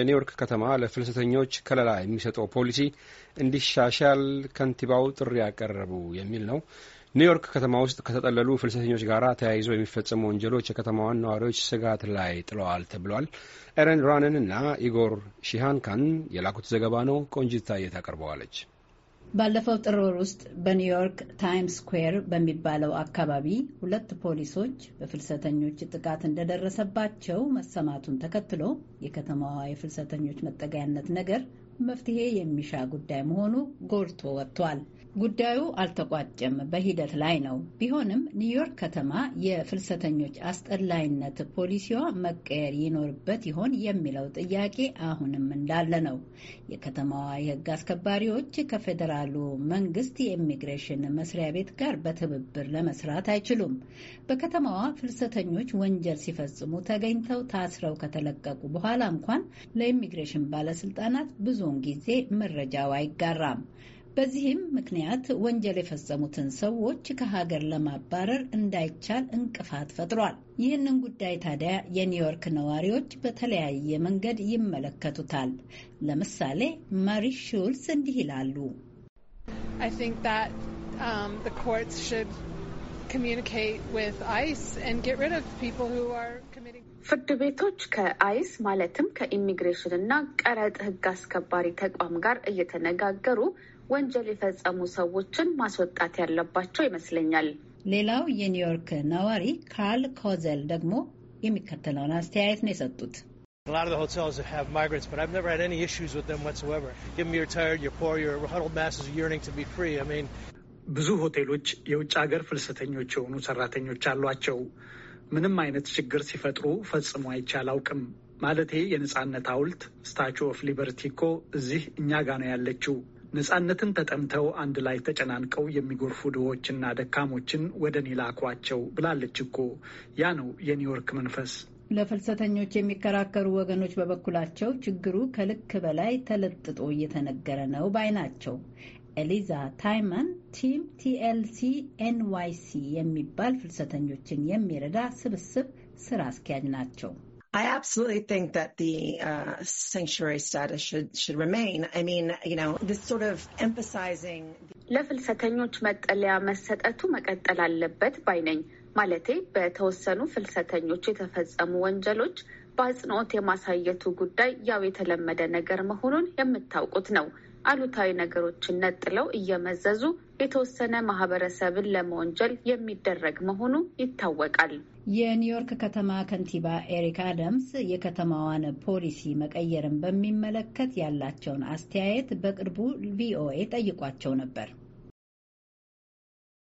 የኒውዮርክ ከተማ ለፍልሰተኞች ከለላ የሚሰጠው ፖሊሲ እንዲሻሻል ከንቲባው ጥሪ ያቀረቡ የሚል ነው። ኒውዮርክ ከተማ ውስጥ ከተጠለሉ ፍልሰተኞች ጋር ተያይዞ የሚፈጸሙ ወንጀሎች የከተማዋን ነዋሪዎች ስጋት ላይ ጥለዋል ተብሏል። ኤረን ራንን እና ኢጎር ሺሃንካን የላኩት ዘገባ ነው። ቆንጂት ታየ ታቀርበዋለች። ባለፈው ጥር ወር ውስጥ በኒውዮርክ ታይምስ ስኩዌር በሚባለው አካባቢ ሁለት ፖሊሶች በፍልሰተኞች ጥቃት እንደደረሰባቸው መሰማቱን ተከትሎ የከተማዋ የፍልሰተኞች መጠገያነት ነገር መፍትሄ የሚሻ ጉዳይ መሆኑ ጎልቶ ወጥቷል። ጉዳዩ አልተቋጨም፣ በሂደት ላይ ነው። ቢሆንም ኒውዮርክ ከተማ የፍልሰተኞች አስጠላይነት ፖሊሲዋ መቀየር ይኖርበት ይሆን የሚለው ጥያቄ አሁንም እንዳለ ነው። የከተማዋ የሕግ አስከባሪዎች ከፌዴራሉ መንግስት የኢሚግሬሽን መስሪያ ቤት ጋር በትብብር ለመስራት አይችሉም። በከተማዋ ፍልሰተኞች ወንጀል ሲፈጽሙ ተገኝተው ታስረው ከተለቀቁ በኋላ እንኳን ለኢሚግሬሽን ባለስልጣናት ብዙውን ጊዜ መረጃው አይጋራም። በዚህም ምክንያት ወንጀል የፈጸሙትን ሰዎች ከሀገር ለማባረር እንዳይቻል እንቅፋት ፈጥሯል። ይህንን ጉዳይ ታዲያ የኒውዮርክ ነዋሪዎች በተለያየ መንገድ ይመለከቱታል። ለምሳሌ ማሪ ሹልስ እንዲህ ይላሉ። communicate with ICE and get rid of people who are committing ፍርድ ቤቶች ከአይስ ማለትም ከኢሚግሬሽን እና ቀረጥ ሕግ አስከባሪ ተቋም ጋር እየተነጋገሩ ወንጀል የፈጸሙ ሰዎችን ማስወጣት ያለባቸው ይመስለኛል። ሌላው የኒውዮርክ ነዋሪ ካርል ኮዘል ደግሞ የሚከተለውን አስተያየት ነው የሰጡት። A lot of the hotels have migrants, but I've never had any issues with them whatsoever. Give them your tired, your poor, your huddled masses yearning to be free. I mean, ብዙ ሆቴሎች የውጭ ሀገር ፍልሰተኞች የሆኑ ሰራተኞች አሏቸው። ምንም አይነት ችግር ሲፈጥሩ ፈጽሞ አይቼ አላውቅም። ማለቴ የነጻነት ሐውልት ስታቹ ኦፍ ሊበርቲ እኮ እዚህ እኛ ጋ ነው ያለችው። ነጻነትን ተጠምተው አንድ ላይ ተጨናንቀው የሚጎርፉ ድሆችና ደካሞችን ወደ እኔ ላኳቸው ብላለች እኮ። ያ ነው የኒውዮርክ መንፈስ። ለፍልሰተኞች የሚከራከሩ ወገኖች በበኩላቸው ችግሩ ከልክ በላይ ተለጥጦ እየተነገረ ነው ባይ ናቸው። ኤሊዛ ታይመን ቲም ቲኤልሲ ኤንዋይሲ የሚባል ፍልሰተኞችን የሚረዳ ስብስብ ስራ አስኪያጅ ናቸው። uh, ለፍልሰተኞች መጠለያ መሰጠቱ መቀጠል አለበት ባይነኝ። ማለቴ በተወሰኑ ፍልሰተኞች የተፈጸሙ ወንጀሎች በአጽንኦት የማሳየቱ ጉዳይ ያው የተለመደ ነገር መሆኑን የምታውቁት ነው። አሉታዊ ነገሮችን ነጥለው እየመዘዙ የተወሰነ ማህበረሰብን ለመወንጀል የሚደረግ መሆኑ ይታወቃል። የኒውዮርክ ከተማ ከንቲባ ኤሪክ አደምስ የከተማዋን ፖሊሲ መቀየርን በሚመለከት ያላቸውን አስተያየት በቅርቡ ቪኦኤ ጠይቋቸው ነበር።